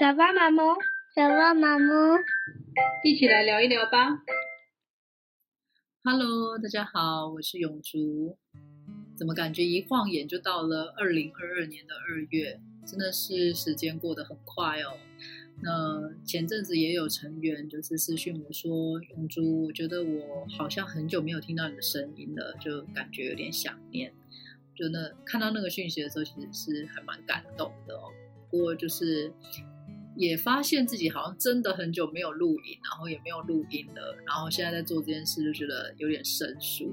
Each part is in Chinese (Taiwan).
小巴馬麼？小巴馬麼？一起來聊一聊吧。Hello，大家好，我是永珠。怎麼感覺一晃眼就到了二零二二年的二月？真的是時間過得很快哦。那前陣子也有成員就是私訊我說永珠，我覺得我好像很久沒有聽到你的聲音了，就感覺有點想念。就那，看到那個訊息的時候，其實是還蠻感動的哦。不過就是。也發現自己好像真的很久沒有錄影，然後也沒有錄音了，然後現在在做這件事就覺得有點生疏。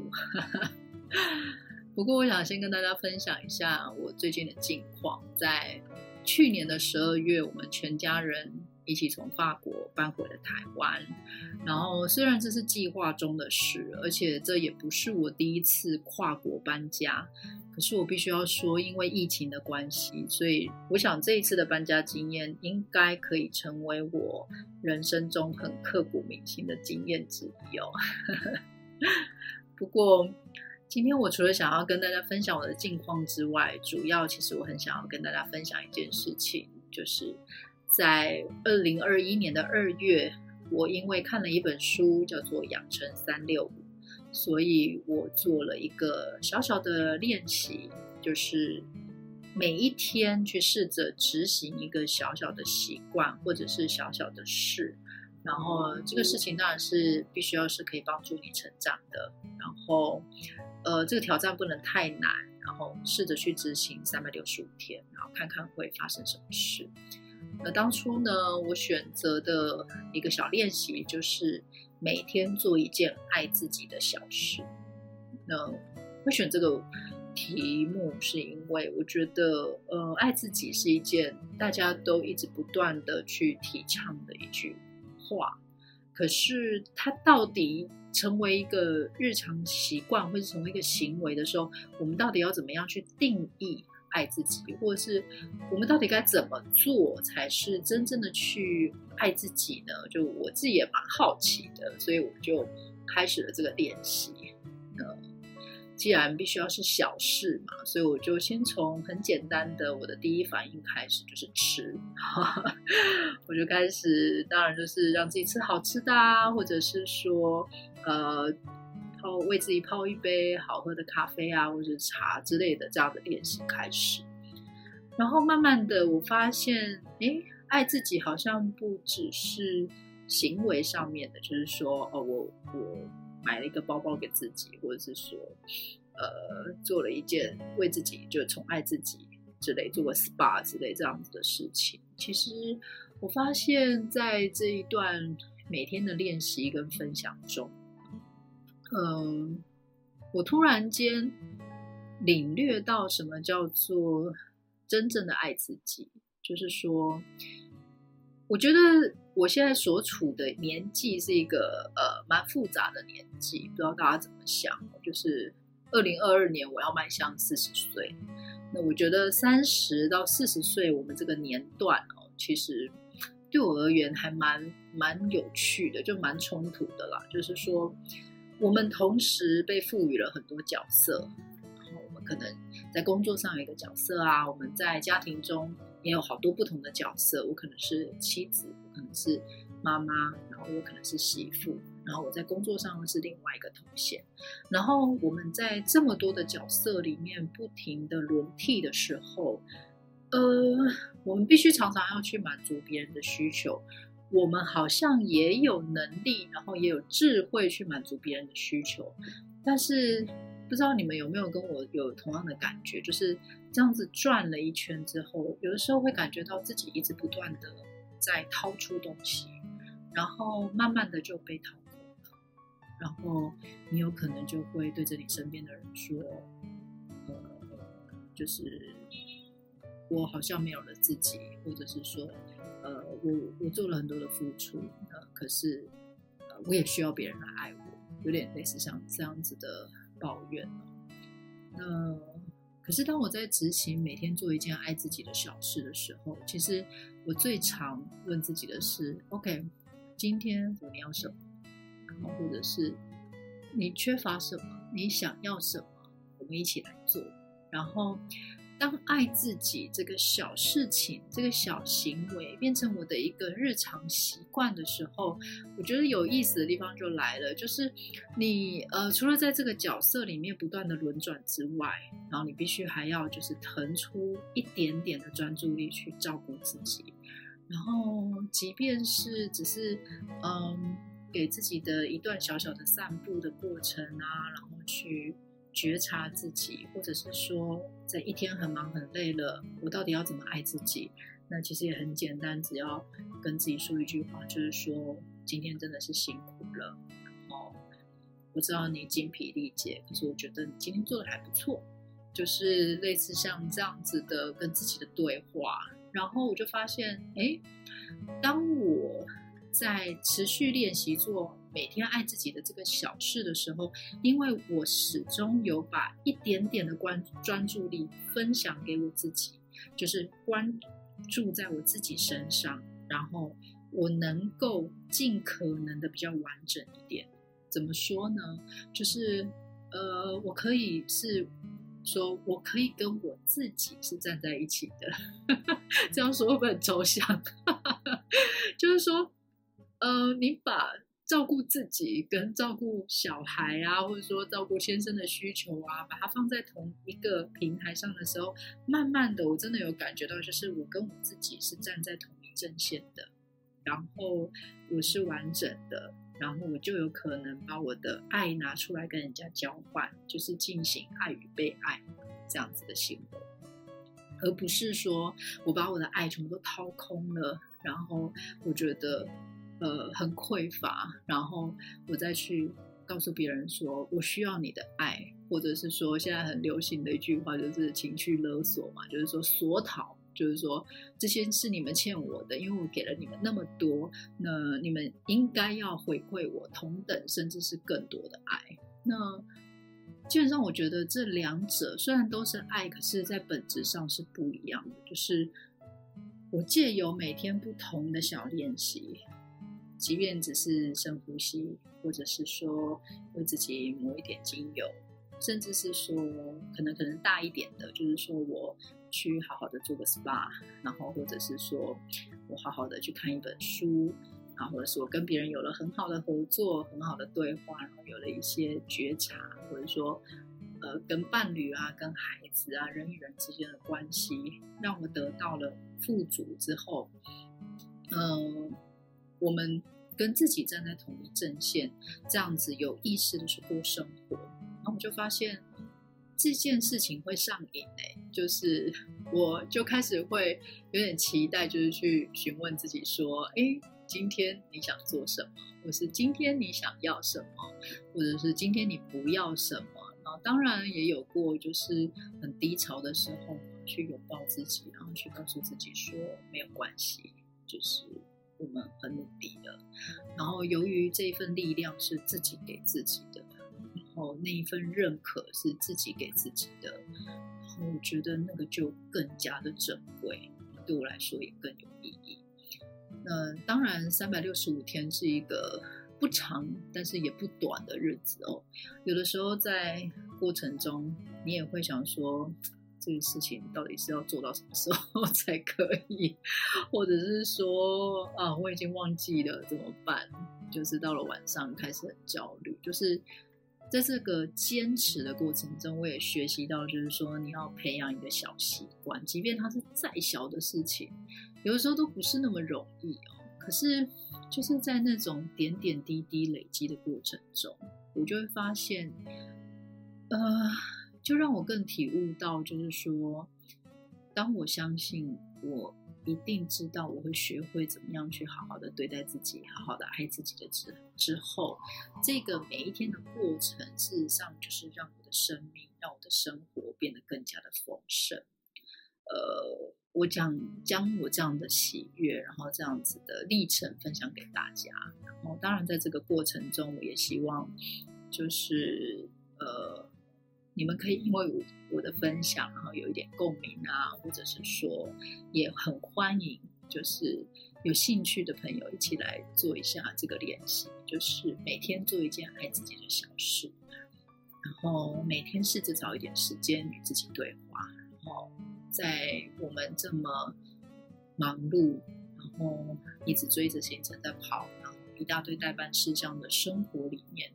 不過我想先跟大家分享一下我最近的近況。在去年的十二月，我們全家人一起從法國搬回了台灣。然後雖然這是計劃中的事，而且這也不是我第一次跨國搬家。可是我必須要說，因為疫情的關係，所以我想這一次的搬家經驗應該可以成為我人生中很刻骨銘心的經驗之一哦。 不過，今天我除了想要跟大家分享我的近況之外，主要其實我很想要跟大家分享一件事情，就是在二零二一年的二月，我因為看了一本書，叫做《養成三六五》。所以我做了一個小小的練習，就是每一天去試着執行一個小小的習慣或者是小小的事，然後這個事情當然是必須要是可以幫助你成長的，然後，呃，這個挑戰不能太難，然後試着去執行三百六十五天，然後看看會發生什麼事。那當初呢，我選擇的一個小練習就是每天做一件愛自己的小事。那會選這個題目，是因為我覺得，呃，愛自己是一件大家都一直不斷的去提倡的一句話。可是，它到底成為一個日常習慣，或者是成為一個行為的時候，我們到底要怎麼樣去定義？愛自己，或者是我們到底該怎麼做才是真正的去愛自己呢？就我自己也蠻好奇的，所以我就開始了這個練習。嗯，既然必須要是小事嘛，所以我就先從很簡單的我的第一反應開始，就是吃。 我就開始，當然就是讓自己吃好吃的啊，或者是說，呃。為自己泡一杯好喝的咖啡啊，或者茶之類的這樣的練習開始，然後慢慢的我發現，誒，愛自己好像不只是行為上面的，就是說，哦，我我買了一個包包給自己，或者是說，呃，做了一件為自己就寵愛自己之類，做個 SPA 之類這樣子的事情。其實我發現在這一段每天的練習跟分享中，嗯、呃，我突然間領略到什麼叫做真正的愛自己。就是說，我覺得我現在所處的年紀是一個呃蠻複雜的年紀，不知道大家怎麼想、哦。就是二零二二年我要邁向四十歲，那我覺得三十到四十歲我們這個年段哦，其實對我而言還蠻蠻有趣的，就蠻衝突的啦。就是說。我們同時被賦予了很多角色，然後我們可能在工作上有一個角色啊，我們在家庭中也有好多不同的角色。我可能是妻子，我可能是媽媽，然後我可能是媳婦，然後我在工作上是另外一個頭銜。然後我們在這麼多的角色裡面不停的輪替的時候，呃，我們必須常常要去滿足別人的需求。我們好像也有能力，然後也有智慧去滿足別人的需求，但是不知道你們有沒有跟我有同樣的感覺，就是這樣子轉了一圈之後，有的時候會感覺到自己一直不斷的在掏出東西，然後慢慢的就被掏空了，然後你有可能就會對着你身邊的人說，呃、嗯，就是我好像沒有了自己，或者是說，呃，我我做了很多的付出，那、呃、可是、呃，我也需要別人來愛我，有點類似像這樣子的抱怨。那、呃、可是當我在執行每天做一件愛自己的小事的時候，其實我最常問自己的是：OK，今天我要什麼？然後或者是你缺乏什麼？你想要什麼？我們一起來做。然後。當愛自己這個小事情、這個小行為變成我的一個日常習慣的時候，我覺得有意思的地方就來了，就是你呃，除了在這個角色裡面不斷的輪轉之外，然後你必須還要就是騰出一點點的專注力去照顧自己，然後即便是只是嗯，給自己的一段小小的散步的過程啊，然後去。覺察自己，或者是說，在一天很忙很累了，我到底要怎麼愛自己？那其實也很簡單，只要跟自己說一句話，就是說今天真的是辛苦了，然後我知道你精疲力竭，可是我覺得你今天做得還不錯，就是類似像這樣子的跟自己的對話。然後我就發現，哎，當我在持續練習做。每天愛自己的這個小事的時候，因為我始終有把一點點的關注專注力分享給我自己，就是關注在我自己身上，然後我能夠盡可能的比較完整一點。怎麼說呢？就是呃，我可以是說我可以跟我自己是站在一起的， 這樣說會不會很抽象？ 就是說，呃，你把。照顧自己跟照顧小孩啊，或者說照顧先生的需求啊，把它放在同一個平台上的時候，慢慢的我真的有感覺到，就是我跟我自己是站在同一陣線的，然後我是完整的，然後我就有可能把我的愛拿出來跟人家交換，就是進行愛與被愛這樣子的行為，而不是說我把我的愛全部都掏空了，然後我覺得。呃，很匱乏，然後我再去告訴別人說，我需要你的愛，或者是說現在很流行的一句話，就是情緒勒索嘛，就是說索討，就是說這些是你們欠我的，因為我給了你們那麼多，那你們應該要回饋我同等甚至是更多的愛。那基本上，我覺得這兩者雖然都是愛，可是，在本質上是不一樣的。就是我借由每天不同的小練習。即便只是深呼吸，或者是說為自己抹一點精油，甚至是說可能可能大一點的，就是說我去好好的做個 SPA，然後或者是說我好好的去看一本書，然後或者是我跟別人有了很好的合作、很好的對話，然後有了一些覺察，或者說呃跟伴侶啊、跟孩子啊、人與人之間的關係，讓我得到了富足之後，嗯、呃。我們跟自己站在同一陣線，這樣子有意識的去過生活，然後我就發現這件事情會上癮，欸，就是我就開始會有點期待，就是去詢問自己說：哎，今天你想做什麼？或是今天你想要什麼？或者是今天你不要什麼？然後當然也有過就是很低潮的時候，去擁抱自己，然後去告訴自己說沒有關係，就是。我們很努力的，然後由於這一份力量是自己給自己的，然後那一份認可是自己給自己的，然後我覺得那個就更加的珍貴，對我來說也更有意義。那當然，三百六十五天是一個不長，但是也不短的日子哦。有的時候在過程中，你也會想說。這個事情到底是要做到什麼時候才可以？或者是說，啊，我已經忘記了怎麼辦？就是到了晚上開始很焦慮。就是在這個堅持的過程中，我也學習到，就是說你要培養一個小習慣，即便它是再小的事情，有的時候都不是那麼容易哦。可是，就是在那種點點滴滴累積的過程中，我就會發現，呃。就讓我更體悟到，就是說，當我相信我一定知道，我會學會怎麼樣去好好的對待自己，好好的愛自己的之之後，這個每一天的過程，事實上就是讓我的生命，讓我的生活變得更加的豐盛。呃，我講，將我這樣的喜悅，然後這樣子的歷程分享給大家。然後，當然在這個過程中，我也希望，就是呃。你們可以因為我的分享，然後有一點共鳴啊，或者是說也很歡迎，就是有興趣的朋友一起來做一下這個練習，就是每天做一件愛自己的小事，然後每天試着找一點時間與自己對話，然後在我們這麼忙碌，然後一直追着行程在跑，然後一大堆待辦事項的生活裡面。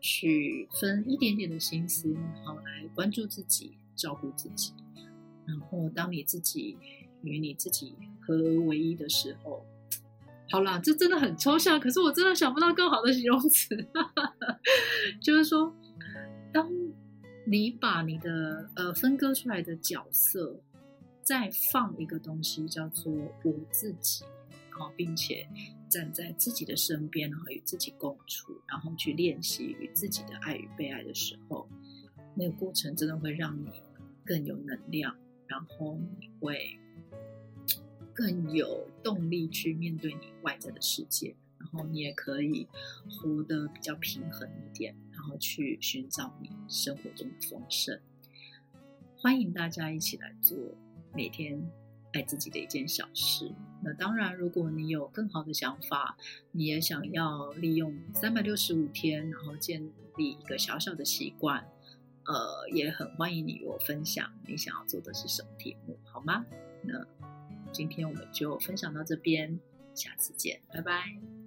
去分一點點的心思，好來關注自己，照顧自己。然後，當你自己與你自己合而為一的時候，好啦，這真的很抽象。可是我真的想不到更好的形容詞， 就是說，當你把你的呃分割出來的角色，再放一個東西，叫做我自己。並且站在自己的身邊，然後與自己共處，然後去練習與自己的愛與被愛的時候，那個過程真的會讓你更有能量，然後你會更有動力去面對你外在的世界，然後你也可以活得比較平衡一點，然後去尋找你生活中的豐盛。歡迎大家一起來做每天。愛自己的一件小事。那當然，如果你有更好的想法，你也想要利用三百六十五天，然後建立一個小小的習慣，呃，也很歡迎你與我分享你想要做的是什麼題目，好嗎？那今天我們就分享到這邊，下次見，拜拜。